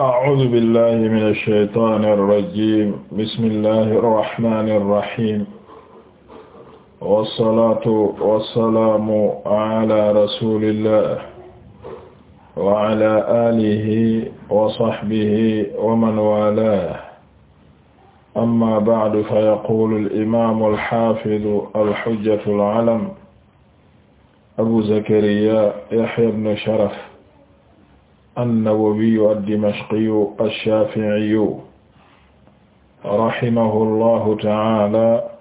أعوذ بالله من الشيطان الرجيم بسم الله الرحمن الرحيم والصلاة والسلام على رسول الله وعلى آله وصحبه ومن والاه أما بعد فيقول الإمام الحافظ الحجة العلم أبو زكريا يحيى بن شرف an-Nawawiyu ad-Dimashqiyu ash-Shafi'iyu rahimahullahu ta'ala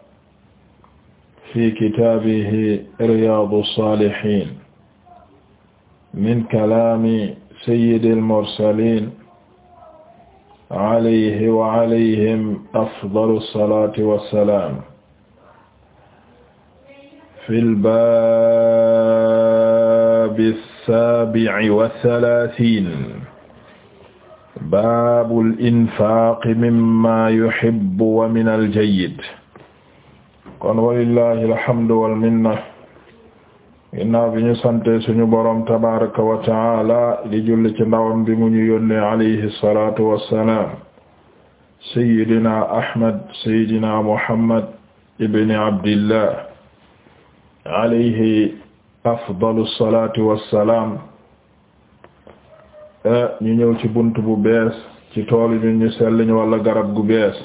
fi kitaabihi Riyaadu s-Saalihiin min kalaami sayyidil mursaliin alayhi wa alayhim afdalu salaati wa salaam fil baab bis-saabi'i wa salaasiin baabul infaaqi mimmaa yuhibbu wa minal jayyid kon walillahi alhamdu wal minna ginnaaw bi ñu sante suñu boroom tabaraka wa taala di julli ci ndawam bi mu ñu yónnee alayhi salatu wassalaam sayidina ahmad sayidina muhammad ibni abdillah alayhi afdalu lsalati salaam eh, ñu ñëw ci bunt bu bees ci tool ñu ñu selliñ wala garab gu bees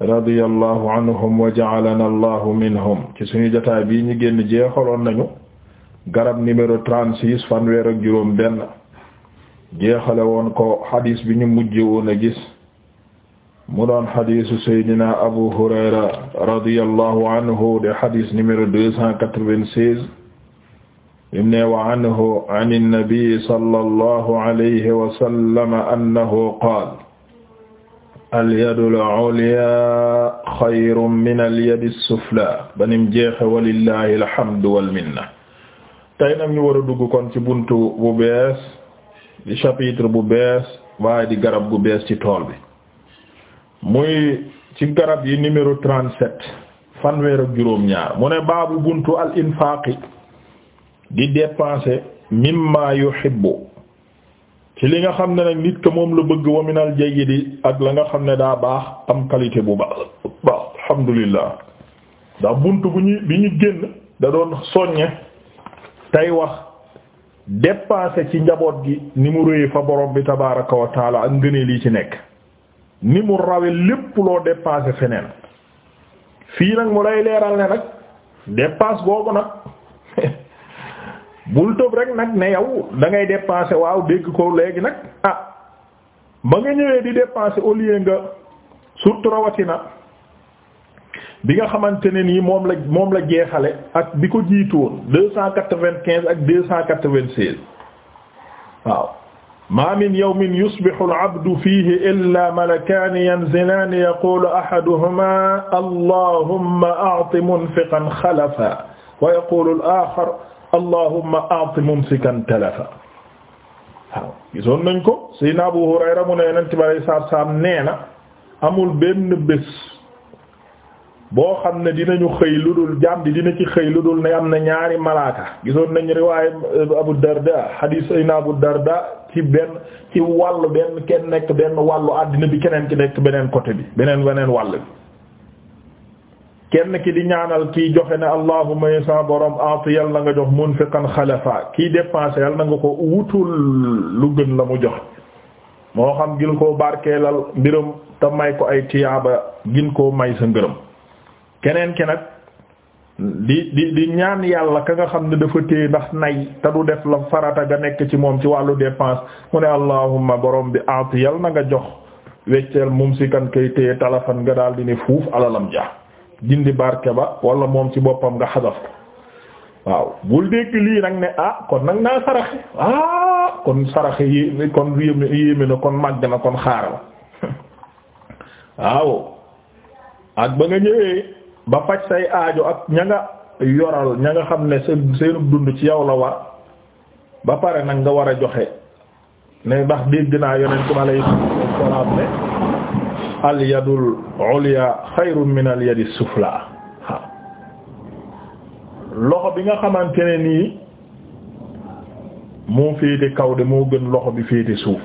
radiyallahu anhum wa ja'alana allahu minhum ci suñu jotaay bii ñu génn jeexaloon nañu garab numéro trente-six fanweer ak juróom benn jeexale woon ko xadiis bi ñu mujje woon a gis mu doon xadisu saydina abu hurayra radiyallahu anhu de xadis numéro deux cent quatre-vingt-seize im ne wa anhu an annabi sallallahu alayhi wa sallam annahu qaala alyadu al-ulya xayrun min alyadi as-sufla banim jeexe walillahi alhamdu walminna tey nag ñu war a dugg kon ci buntu bu bees di chapitre bu bees waaye di garab gu bees ci tool bi muy ci garab yi numéro trente-sept fanweer ak juróom-ñaar mu ne baabu buntu al infaaqi di dépenser mimma yuhibbu ci li nga xam ne nag nit ko moom la bëgg wominal minal jayyidi ak la nga xam ne daa baax am qualité bu baax baax alhamdulillah ndax buntu bu ñu bi ñu génn da doon soññe tey wax dépenser ci njaboot gi ni mu fa borom bi tabaaraka wa taala ak ngëneel yi ci nekk ni mu rawe lépp loo dépassé feneen fii nag mu lay leeral ne nag dépasse googu nag bul tëb rek nag ne yow da ngay dépassé waaw dégg ko léegi nag ah ba nga ñëwee di dépassé au lieu nga surtout rawatina bi nga xamante ne nii moom la moom la jeexale ak bi ko jiitu woon deux cent quatre-vingt-quinze ak deux cent quatre-vingt-seize waaw ma min yawmin yusbihu al-abdu fiihi illaa malakaani yanzilaani yaquulu ahaduhumaa allahumma a'ti munfiqan xalafa wa yaquulu al-aaxar allahumma a'ti mumsikan talafa waaw gisoon nañ ko Seydina Abu Hurayra mu ne Yonent bi alayhi salaatu wa salaam nee na amul benn bés boo xam ne dinañu xëy lu dul jaam di dina ci xëy lu dul ne am na ñaari malaaka gisoon nañ riwaaya Abu Darda hadith sayna Abu Darda ci benn ci wàll benn kenn nekk benn wàllu àddina bi keneen ki nekk beneen côté bi beneen weneen wàll bi kenn ki di ñaanal kiy joxe ne allahumma ya sa borom aati yal na nga jox munfiqan xalafa kiy dépensé yal na nga ko wutul lu gën la mu joxe moo xam gin koo barkeelal mbiram te may ko ay tiyaaba gin ko may sa ngërëm keneen ki nag di di di ñaan yàlla ka nga xam ne dafa téye ndax nay te du def la farata ga nekk ci moom ci wàllu dépense mu ne allahumma borom bi aati yal na nga jox wecceel mumsikan kay téye talafan nga daal di ne fuuf alalam ja dindi barke ba wala moom ci boppam nga xasaf ko waaw bul dégg lii nag ne ah kon nag naa saraxe ah kon saraxe yé kon yéeme na kon màgg na kon xaaral waaw ak ba nga ñëwee. ba faj say aajo ak ña nga yoral ña nga xam ne seen seenu dund ci yow la war ba pare nag nga war a joxe ne ndax dégg naa yonent bi alayhi salaam ne al yadul ulya xayrun min loxo bi nga xamante ne nii moo féete kaw de moo gën loxo bi féete suuf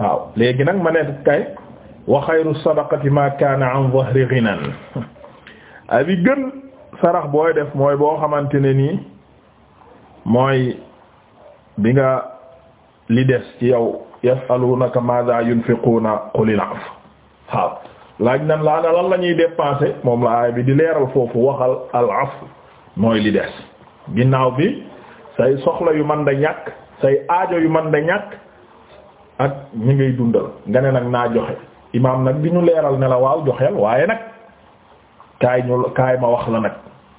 waaw léegi nag ma ne kay wa xayru sadaqati ma kaana an dhahri ghinan ay bi gën sarax booy def mooy boo xamante ne nii mooy bi nga li des ci yow yasalunaka madha yunfiquna qulil af waaw laaj nan laa ne lan la ñuy dépenser moom la aay bi di leeral foofu waxal al mooy li des ginnaaw bi say soxla yu man da ñàkk say aajo yu man da ñàkk ak ñi ngay dundal nga ne nag naa joxe imaam nag di ñu leeral ne la joxeel waaye nag kaay ñu kaay ma wax la nag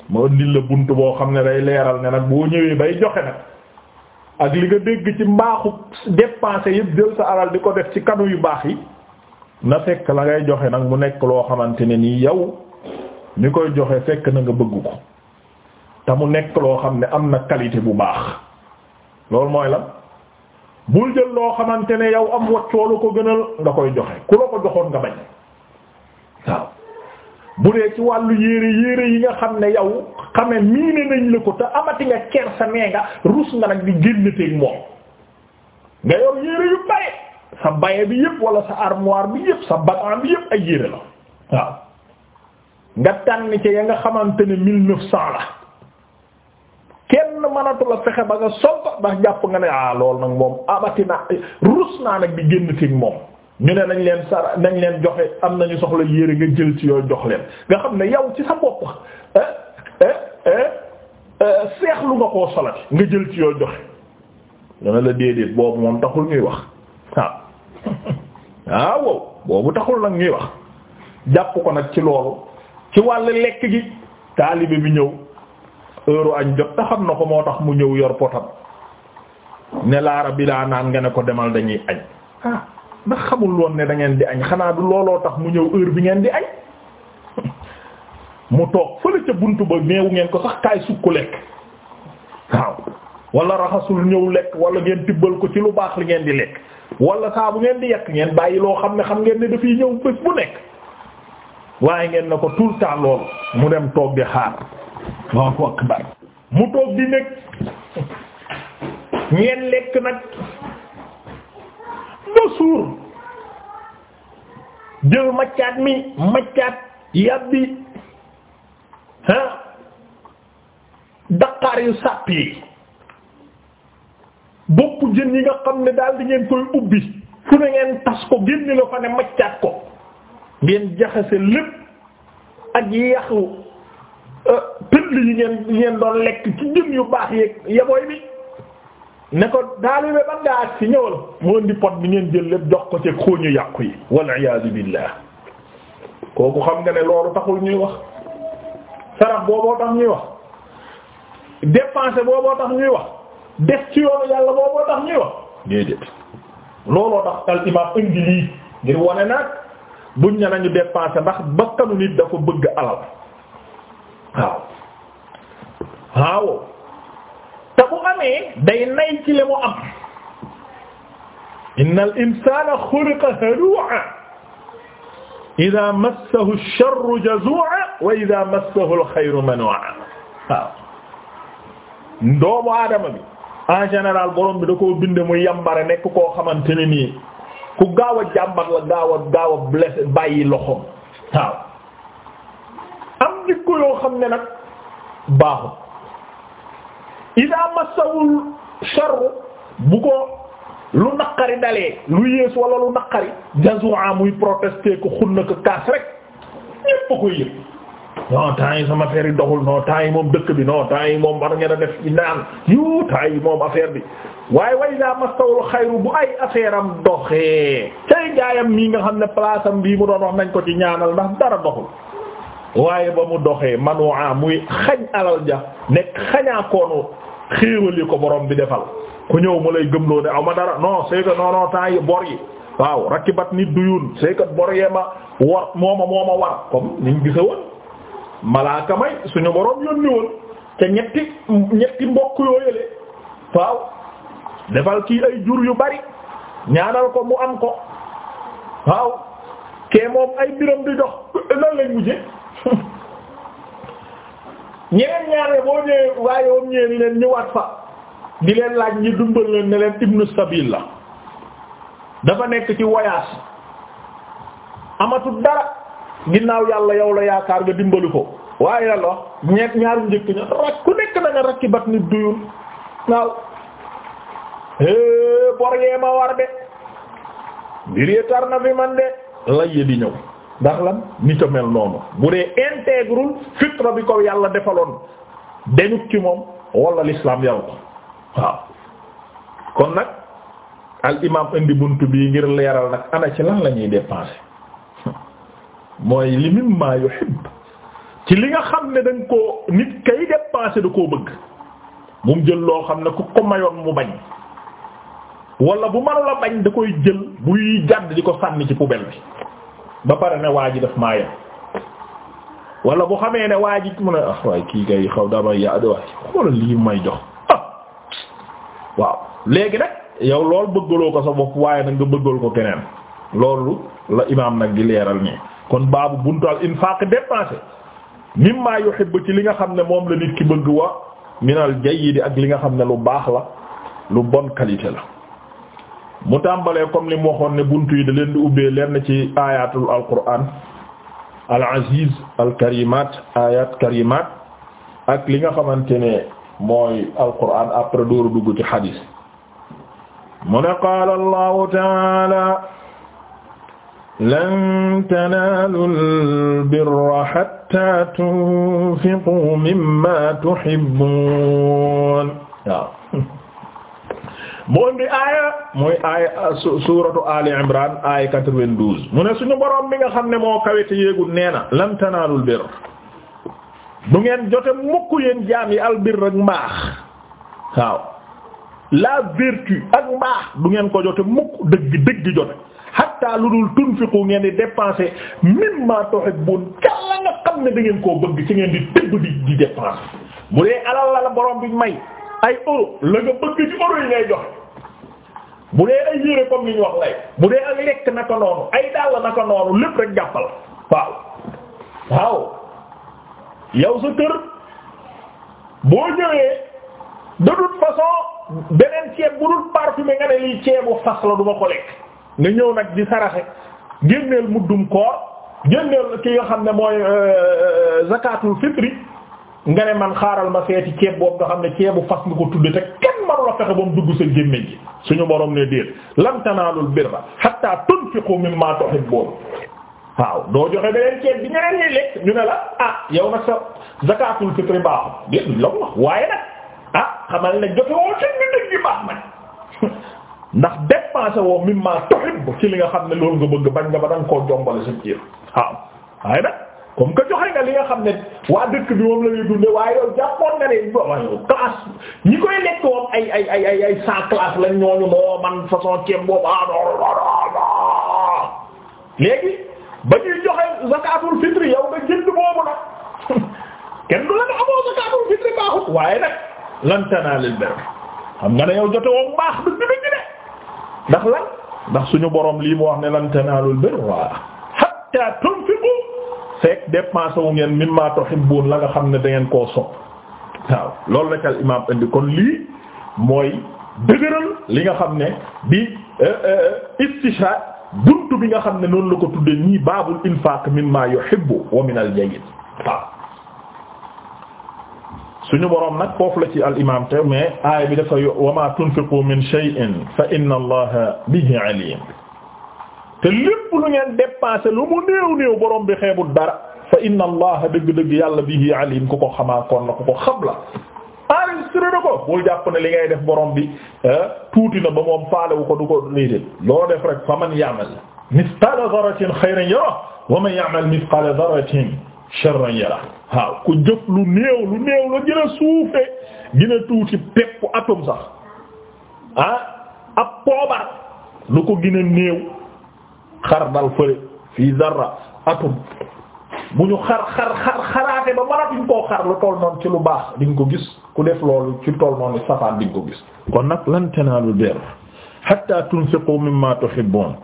ma ëndil la bunt boo xam ne day leeral ne nag boo ñëwee bay joxe nag ak li nga dégg ci mbaaxu dépensé yëpp jël sa alal di ko def ci kanu yu baax yi na fekk la ngay joxe nag mu nekk loo xamante ne nii yow mi koy joxe fekk na nga bëgg ko te mu nekk loo xam ne am na qualité bu baax loolu mooy la bul jël loo xamante ne yow am wàccoo lu ko gënal nga koy joxe ku la ko joxoon nga bañ waaw. bu dee ci wàllu yére yére yi nga xam ne yow xame miine nañ la ko te amati nga kersa nee nga rus nga nag di génnateeg moom nga yor yére yu bare sa baye bi yëpp wala sa armoire bi yëpp sa bataan bi yëpp ay yére la waaw nga tànn ci ya nga xamante ne mille neuf cent la kenn mënatu la fexe ba nga sol ba ndax jàpp nga ne ah loolu nag moom amati na rus naa nag di génnateeg moom ñu ne nañ leen sara nañ leen joxe am nañu soxla yére nga jël ci yooyu jox leen nga xam ne yow ci sa bopp euh, seexlu nga koo solati nga jël ci yooyu joxe ñu ne la déedéet boobu moom taxul ñuy wax waaw waaw wow boobu taxul nag ñuy wax jàpp ko nag ci loolu ci wàll lekk gi taalibe bi ñëw heure añ jot ta xam na ko moo tax mu ñëw yor potam ne laara bi laa naan nga ne ko demal dañuy añ ah. ndax xamul woon ne da ngeen di añ xanaa du looloo tax mu ñëw heure bi ngeen di añ mu toog fële ca buntu ba neewu ngeen ko sax kaay sukk lekk waaw wala raxasul ñëw lekk wala ngeen tibbal ko ci lu baax li ngeen di lekk wala saa bu ngeen di yekk ngeen bàyyi loo xam ne xam ngeen ne dafay ñëw bés bu nekk waaye ngeen na ko tout le loolu mu dem toog di xaar mu toog di nekk ngeen lekk nag ba suur jël maccaat mi maccaat yàbbi ah daqaar yu sàpp yi bopp jën yi nga xam ne daal di ngeen koy ubbi fu ne ngeen tas ko génne la fa ne maccaat ko ngeen jaxase lépp ak yaxu euh, pël yi ngeen ngeen doon lekk ci jën yu baax yeeg yabooy bi ne ko taalibe ba nga ak ci ñëwal moo di pot bi ngeen jël lépp jox ko ci xooñu yàqu yi wal iyaazu billah kooku xam nga ne loolu taxul ñuy wax sarax booboo tax ñuy wax dépenser booboo tax wax def ci yoonu yàlla booboo tax ñuy wax déedéet looloo tax al imam lii ngir wane nag buñ ne nañu dépenser ndax bakkanu nit dafa bëgg alal waaw waaw te bu amee day nay ci li mu am inna al insana xuliqa halu'a ida massahu ash-sharru jazu'a wa ida massahu al-xayru manu'a waaw doomu aadama bi en général borom bi da koo bind mu yambare nekk koo xamante ne nii ku gaaw a jàmbat la gaaw a gaaw a blessé bàyyi loxoom waaw am jikko yoo xam ne nag baaxul idaa massawul sharru bu ko lu naqari dalee lu yées wala lu naqari jazua muy protester ko xunna ko kaas rek ñépp a koy yëg non temps yi sama affaire yi doxul non temps yi moom dëkk bi non temps yi moom war ngeen a def ci naan yu temps moom affaire bi waaye way daa mastawul xayru bu ay affaire am doxee tey gaayam mii nga xam ne place bii mu doon wax nañ ko ci ñaanal ndax dara doxul waaye ba mu doxee manuwaa muy xañ alal ja nekk xañaakoonu xéewal yi ko borom bi defal ku ñëw mu lay gëmloo ne aw ma dara non c'est que yi bor yi waaw rakibat nit duyun c'est que bor yee ma war mooma mooma war comme niñ gisa woon malaaka may suñu yónni woon te ñetti ñetti mbokk yoo yële waaw defal kii ay jur yu bari ñaanal ko mu am ko waaw kee moom ay mbiram di dox lan lañ mujje ñeneen ñaare boo ñëwee waaye woon ñëwee leen ñëwaat fa di leen laaj ñi dumbal leen ne leen ibnu sabil la dafa nekk ci voyage amatul dara ginnaaw yàlla yow la yaakaar gi dimbalu ko waaye yàlla wax ñeent ñaaru njëkk ña rak ku nekk na nga rakki bat nit duyul waaw eh, bor ma war de mbir yi tar fi man de lay di ñëw ndax lan nit a mel noonu bu dee intégrul fitra bi ko yàlla defaloon dañu ci moom walla l'islam yaru waaw kon nag al imam indi bunt bii ngir leeral nag ana ci lan lañuy ñuy dépenser mooy li mimma yuhib ci li nga xam ne dañ koo nit kay dépenser da koo bëgg mu jël loo xam ne ku ko mayoon mu bañ wala bu la bañ da koy jël buy jàdd di ko sànni ci poubelle bi ba pare ne waa ji daf maa walla wala bu xamee ne waa ji mu ne ah waaye kii kay xaw daa may yaa waay xoolal lii may jox ah waaw léegi nag yow lool bëggaloo ko sa bopp waaye nag nga bëggal ko keneen loolu la imaam nag di leeral nii kon baabu buntu al infaq dépensé mimma yuhibbu ci li nga xam ne moom la nit ki bëgg wa minal di ak li nga xam ne lu baax la lu bonne qualité la mu tàmbalee comme li mu waxoon ne buntu yi da leen di ubbee lenn ci ayatul alquran al aziz al karimat ayat karimat ak li nga xamante ne mooy alquran après dooru dugg ci hadis mu ne qaala allahu taala lan tanaalu albirra hatta tunfiqu mimma tuhibbuun waaw moo indi aaya mooy aaya euh, suuratu Ali Imran aaya 92 mu ne suñu borom bi nga xam ne moo kawete yéegul nee na lan tanaalul du ngeen jote mukk yéen jaam yi albir ak mbaax waaw la vertu ak mbaax du ngeen ko jote mukk dëgg dëgg jote hatta lu dul tunfiqu ngeen di dépenser mimma tuhibbun kala nga xam ne da ngeen koo bëgg ci ngeen di tëbb di di dépenser bu dee alal la la borom bi may ay euro la nga bëgg ci euro ngay joxe bu dee ay yére comme ni wax lay bu dee ak lekk naka noonu ay dàll naka noonu lépp rek jàppal waaw waaw yow sa kër boo ñëwee de toute façon beneen ceeb bu dul parfumé nga ne lii ceebu fas la du ma ko lekk nga ñëw nag di saraxe génneel muddum koor génneel ki nga xam ne mooy euh, euh, zakatul fitri nga ne man xaaral ma seeti ceeb boobu nga xam ne ceebu fas nga ko tudd teg fexe ba dugg sa gémmiñ gi suñu borom ne déet lan tanaalul birra hatta tunfiqu mimma tuhibbun waaw doo joxe beneen ceeb bi ñu ne la ah yow nag sa zakatul fitri baaxul déet la waaye nag ah xamal ne jote woo seen ñu nit ñi baax nag ndax dépensé woo mimma tuhibbu ci li nga xam ne loolu nga bëgg bañ nga ba danga koo jombale sa ciir waaw waaye nag comme que joxe nga li nga xam ne waa dëkk bi moom la ñuy dundee waaye yow jàppoon nga ne waaye classe ñi koy lekk woon ay ay ay ay ay sans classe lañ ñooñu moo man façon ceeb boobu ah léegi ba ñuy joxe zakatul fitri yow nga jënd boobu nag kenn du la ne amoo fitri baaxut waaye nag lan tanaalul birra xam nga ne yow jote woon baax du dina dina ndax lan ndax suñu borom lii mu wax ne lan tanaalul birra hatta tunfiqu fekk dépensé wu ngeen mimma tuhibbuun la nga xam ne da ngeen koo sopp waaw loolu la al imaam indi kon lii mooy dëgëral li nga xam ne bi euh, euh, istishraaq buntu bi nga xam ne noonu la ko tudde ñii baabul infaaq mimma yuhibbu wa min al jayyid waaw boroom nag foofu la ci al te mais aaya bi dafa wa maa tunfiqu min shay'in fa inna allaha bihi aliim te lépp lu ngeen dépensé lu mu néew néew borom bi xeebul dara fa inna allaha dëgg-dëgg yàlla bihi alim ku ko xamaa kon la ku ko xam la enregistré na ko bul jàpp ne li ngay def borom bi eh, tuuti na ba moom faalewu ko du ko léedéet loo def rek fa man ya'mal mithqala dharratin khayran yara wa man ya'mal mithqala dharratin sharran yara waaw ku jëf lu néew lu néew la gën a suufe gën a tuuti peppu atum sax ah ab poobar lu ko gën a xar dal fële fii zarra atum bu ñu xar xar xar xaraate ba mënatuñ koo xar lu toll noonu ci lu baax di nga ko gis ku def loolu ci toll noonu safaan di nga ko gis. kon nag lu tanaalu birra hatta tunfiqu mimma tuhibbun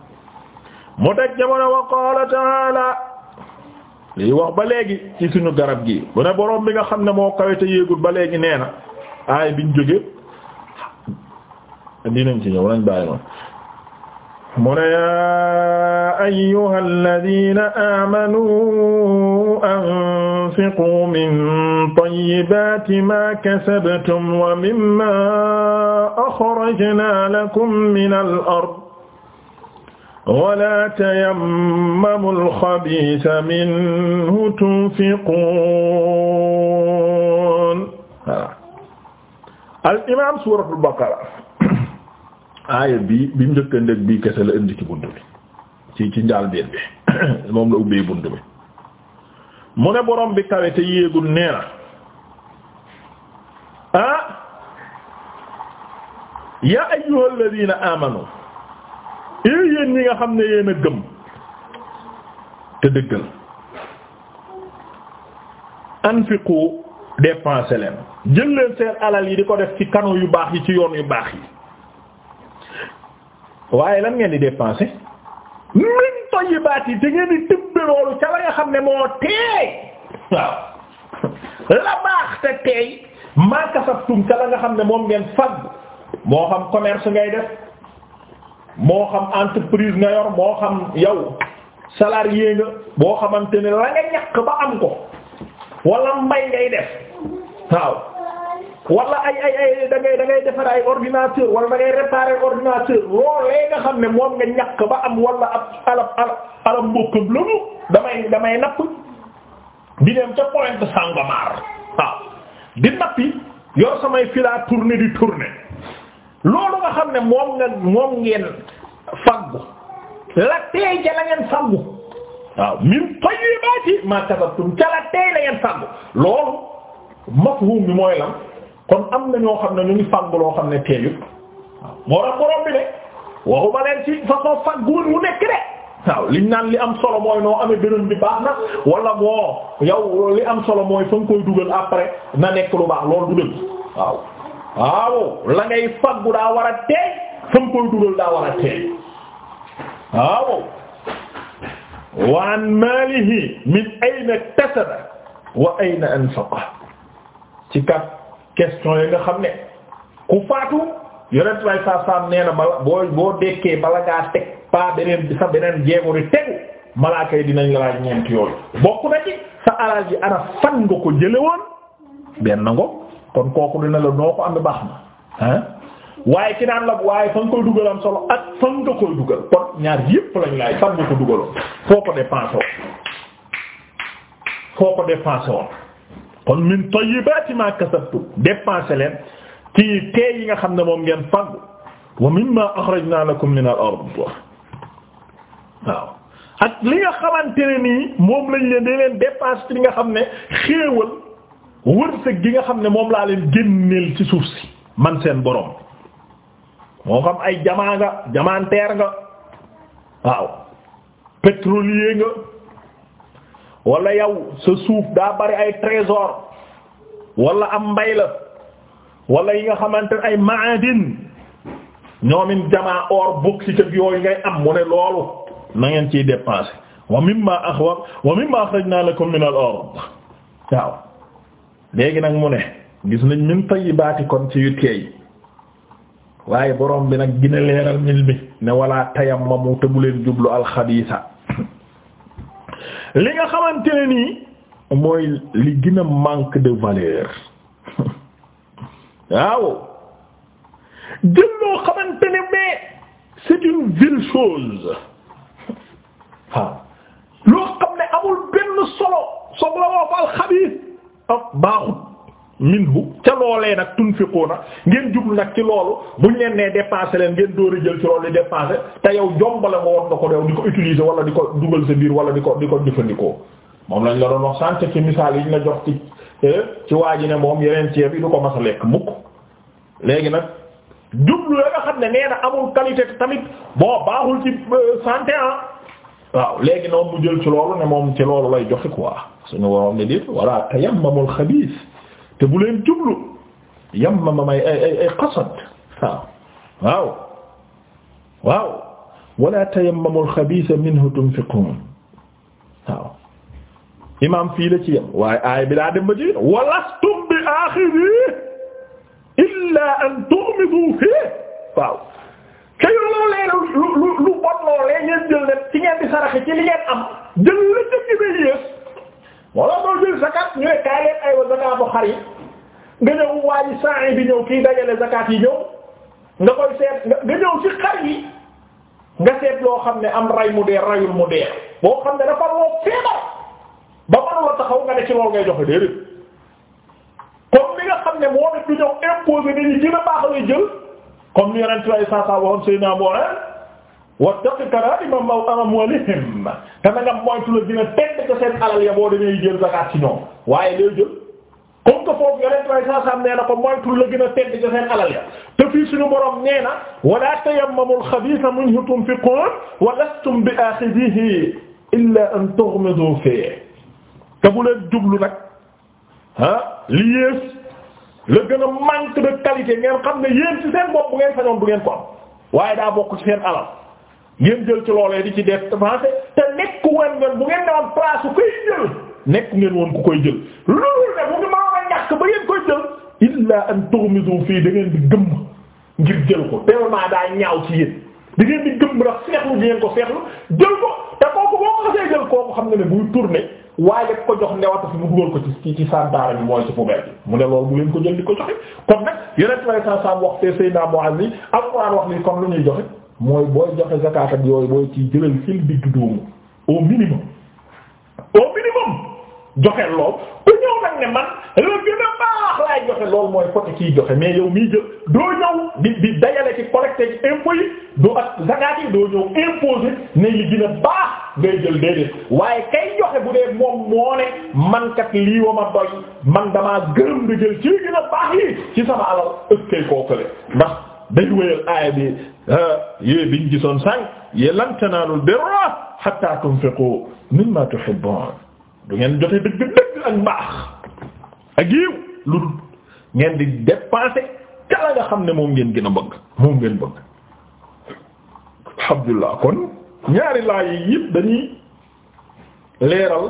mu teg jamono wa qaala ta'ala lii wax ba léegi ci suñu garab gi bu ne borom bi nga xam ne moo kawe te yéegul ba léegi nee na aay biñ jóge dinañ ci ñëw nañ bàyyi noonu. mu ne yaa ayyuha alladina aamanu anfiqu min tayyibati ma kasabtum wa mimma akhrajna lakum min al-ard wala tayammamu al-khabitha minhu tunfiqun al imam suratul baqara aaya bi bi mu njëkkandeeg bii kese la indi ci bunt bi ci ci njaal biir bi moom la ubbee bunt bi mu ne borom bi kawe te yéegul nee na ah yaa ayyuhal ladina amanu eh, yéen ñi nga xam ne yéen a gëm te dëggal anfiqu dépenser leen jël leen seen alal yi di ko def ci kanu yu baax yi ci yoon yu baax yi waaye lan ngeen di dépenser min tayyibaat yi te ngeen di tibbe loolu ca la nga xam ne moo teey waaw la baax te teey maa kasabtum ca la nga xam ne moom ngeen fag moo xam commerce ngay def moo xam entreprise nga yor moo xam yow salarié nga boo xamante ne la nga ñàkk ba am ko wala mbay ngay def waaw wala ay ay ay da ngay da defar ay ordinateur wala da ngay réparer ordinateur loolee nga xam ne moom nga ñàkk ba am wala ab alab alab alab mbokkam lamu damay damay napp di dem ca Pointe Sangomar waaw di nappi yor samay filaa tourner di tourner loolu nga xam ne moom nga moom ngeen faggu la tey ja la ngeen faggu waaw min tayyibati ma kasabtum ca la tey la ngeen faggu loolu mafhum bi mooy lan kon am na ñoo xam ne ñu ngi fàggu loo xam ne teeyut moo tax borom bi de waaw liñ naan li am solo mooy noo amee beneen baax na wala moo yow li am solo mooy fa nga koy dugal après na nekk lu baax loolu du dëgg waaw waaw la ngay faggu daa war a teey fa nga koy dugal daa war a teey waaw wa min ayna tasaba wa ayna anfaqa question yi nga xam ne ku faatu yonent way saa saam nee na bala boo boo dekkee bala ngaa teg pas beneen sa beneen jéego di tegu malaaka yi dinañ la laaj ñeent yooyu bokk na ci sa alal ji ana fan nga ko jële woon benn ngo kon kooku dina la noo ko am baax na ah waaye ki naan la waaye fa koy dugal solo ak fan nga koy dugal kon ñaar yépp lañ laaj fan nga ko dugaloon foo ko dépensé woon foo ko dépensé woon kon min tayyibati ma kasabtum dépensé leen ci tee yi nga xam ne moom ngeen fàggu wa mimma akhrajna lakum min al-ard waaw ak li nga xamante ne nii moom lañ leen di ci li nga xam ne xéewal wërsëg gi nga xam ne moom laa leen génneel ci suuf si man seen borom moo xam ay jamaa nga jamanteer nga waaw pétrolier nga wala yow sa suuf daa bari ay trésor wala am mbay la wala yi nga xamante ne ay maadin ñoomin jamaa or bokk ci tëg yooyu ngay am mu ne loolu na ngeen ciy dépensé wa mimma axwa wa mimma axrajna lakum min al-ard waaw léegi nag mu ne gis nañ min tayyibaati kon ci yu teey waaye borom bi nag gina leeral mil bi ne wala tayammamu te bu leen jublu alxabiisa li nga xamante nii mooy li gën a manque de valeur waaw jël loo xamante ne c'est une vile chose waaw loo xam ne amul benn solo soxla woo ko alxabiis ak oh, baaxut minhu ca loolee nag tunfiquna ngeen jublu nag ci loolu buñ leen nee dépensé leen ngeen door jël ci loolu di dépensé te yow jombale nga war ko dew di ko utiliser wala di ko dugal sa biir wala di ko di ko jëfandikoo moom lañ la doon wax sànq ci misaal yi ñu la jox ci eh, ci waa ji ne moom yeneen ceeb yi du ko mas a lekk mukk léegi nag jublu la nga xam ne nee na amul qualité tamit boo baaxul ci euh, santé ah waaw léegi noonu mu jël ci loolu ne moom ci loolu lay joxe quoi suñu waroon ne dit wala tayammamul xabiis te bu leen jublu yam ma ma may ay ay ay qasad waaw waaw waaw wala tayammamu al-khabitha minhu tunfiqun waaw imaam fii la ci yam waaye aay bi daa dem ba ci walastum bi akhiri illa an tu'midu fi waaw te yu loolee lu lu lu bon loolee ngeen jël ci ngeen di saraxe ci li ngeen am jël la jëkk ba yées walla doo jël zakat ñu kaay leen ay wa zakat bu xar yi nga ñëw waa ji bi ñëw kii dajale zakat yi ñëw nga koy seet nga ñëw ci xar yi nga seet loo xam ne am ray mu dee rayul mu dee boo xam ne dafa loo feebar ba manu taxaw nga def ci lool ngay jox joxe déedéet comme li nga xam ne moo ne du ñëw imposer ni ñu gën a baax lay jël comme ni yonent lay saa saa waxoon sëy naa wattaqi karaa'ima amwaalihim te na nga moytu la dina tedd ko seen alal ya boo demee jël zakat ci ñoom waaye looy jël comme que foofu yonent way saasaam nee na ko moytu la gën a tedd ko seen alal ya te fii suñu borom nee na walaa tayammamul xabiisa minhu tunfiquun wa lastum bi aaxidihi illaa an tughmidu fiihi te bu leen jublu nag ah li yées la gën a manque de qualité ngeen xam ne yéen ci seen bopp bu ngeen fañoon bu ngeen ko am waaye daa bokk ci seen alal ngeen jël ci loolee di ci def avancé te nekku woon ngeen bu ngeen newoon place su koy jël nekku ngeen woon ku koy jël loolu ne bu ngi mënoon a ñàkk ba ngeen jël da ko tellement daa ñaaw ci yéen da di gëmm ndax seexlu ko seexlu ko te kooku xam nga ne buy tourné waaye ko jox newatu fi mu dugal ko ci ci santaara bi mooy ci poubelle bi mu ne loolu bu leen ko jël di ko joxe kon nag yeneen traçage wax te Seydina Mu'adh Alxuraan wax ni kon lu ñuy joxe. mooy booy joxe zakat ak yooyu booy ci jëlal fil digg doomu o minimum au minimum joxe lool ku ñëw nag ne man la gën a baax laay joxe lool mooy côté kiy joxe mais yow mii jël doo ñëw di di dajale ci collecté ci impôts ak zakat ne li gën a baax ngay jël déedéet waaye kay joxe bu dee moom moo ne man kat lii wa ma doy man damaa gërëm di jël ci gën a baax yi ci sama alal ëpp kay koo kële ndax. day wéyal aaya bi yée biñ gisoon sànq yé lan tanaalul birra hatta tunfiqu mimma tuhibbun du ngeen jote dëgg ngeen di dépenser kala nga xam ne moom ngeen gën a bëgg moom ngeen bëgg alhamdulillah kon ñaari laa yi yëpp dañuy leeral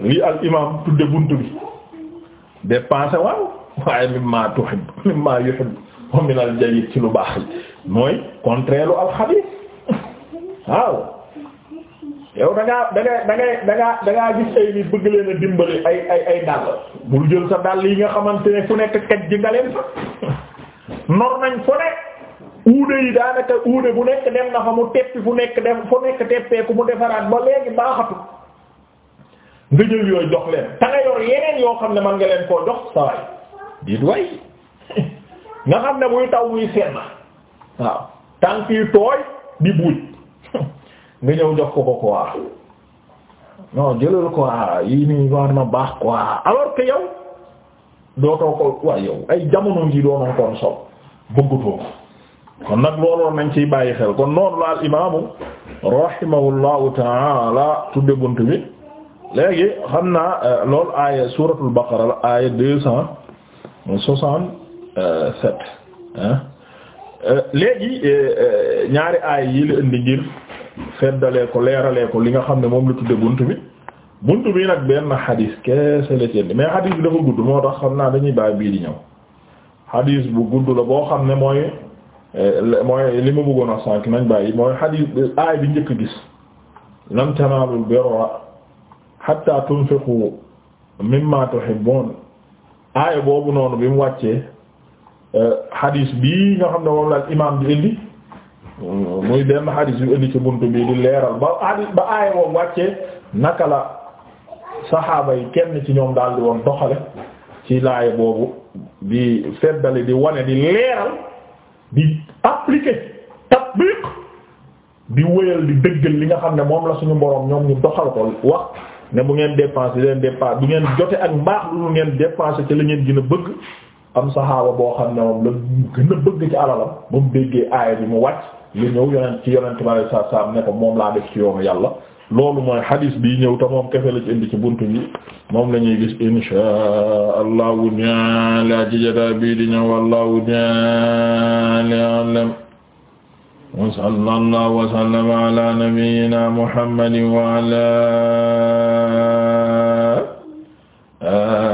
li al tudde buntu bi dépenser waaw waaye mimma tuhib mimma yuhib wa minal jayyid ci lu baax yi mooy contraire lu alxabiis waaw yow da ngaa da ngay da gis ay nit bëgg leen dimbali ay ay ay dàll bul jël sa dàll yi nga xamante ne fu nekk kaj ji nga leen fa nor nañ fu nekk uude yi daanaka uude bu nekk dem na fa mu teppi fu nekk dem fu nekk teppeeku mu defaraat ba léegi baaxatu nga jël yooyu jox leen ta yeneen yoo xam ne man nga leen koo jox saway dit way nga xam ne buy taw muy seen waaw tànk yi tooy di buuj nga ñëw jox ko ko quoi non jëlal quoi yii nii war na baax quoi alors que yow dootoo ko waaye yow ay jamono ji doonoo koon sol bëggatoo kon nag looloon nañ ci bàyyi xel kon noonu la al imaamu rahimahullahu taala tudde bunt bi léegi xam naa euh, loolu aaya suratul baqara la aaya deux cent soixante Euh, sept euh, léegi euh, ñaari aay yi la indi ngir feddalee ko leeralee ko li nga xam ne moom lu tudde bunt bi bunt bi nag benn xadiis keese la ci mais xadiis bi dafa gudd moo tax xam naa dañuy bàyyi bii di ñëw xadiis bu gudd la boo xam ne mooy mooy li ma bëggoon a sànk nañ bàyyi mooy xadiis aay bi njëkk gis lan tanaalul birra hatta tunfiqu mimma aay boobu noonu bi mu wàccee hadis bii nga xam ne moom la imaam di indi muy benn hadis yu indi ci buntu bii di leeral ba hadis ba aaya moom wàccee naka la saxaaba yi kenn ci ñoom daal di woon doxale ci laaya boobu di feddali di wane di leeral di appliquer tatbiq di wëyal di dëggal li nga xam ne moom la suñu boroom ñoom ñu doxal ko wax ne bu ngeen dépenser leen dépenser bu ngeen jote ak mbaax lu ngeen dépenser ci la ngeen gën a bëgg am saxaaba boo xam ne moom la gën a alalam ba mu déggee aaya bi mu wàcc lu ñëw yonent ci yonent moom laa def ci yoonu yàlla loolu mooy xadiis bi ñëw te moom kefe ci indi ci bi moom la ñuy gis inshaa allahu taala ci jotaay bii di a'lam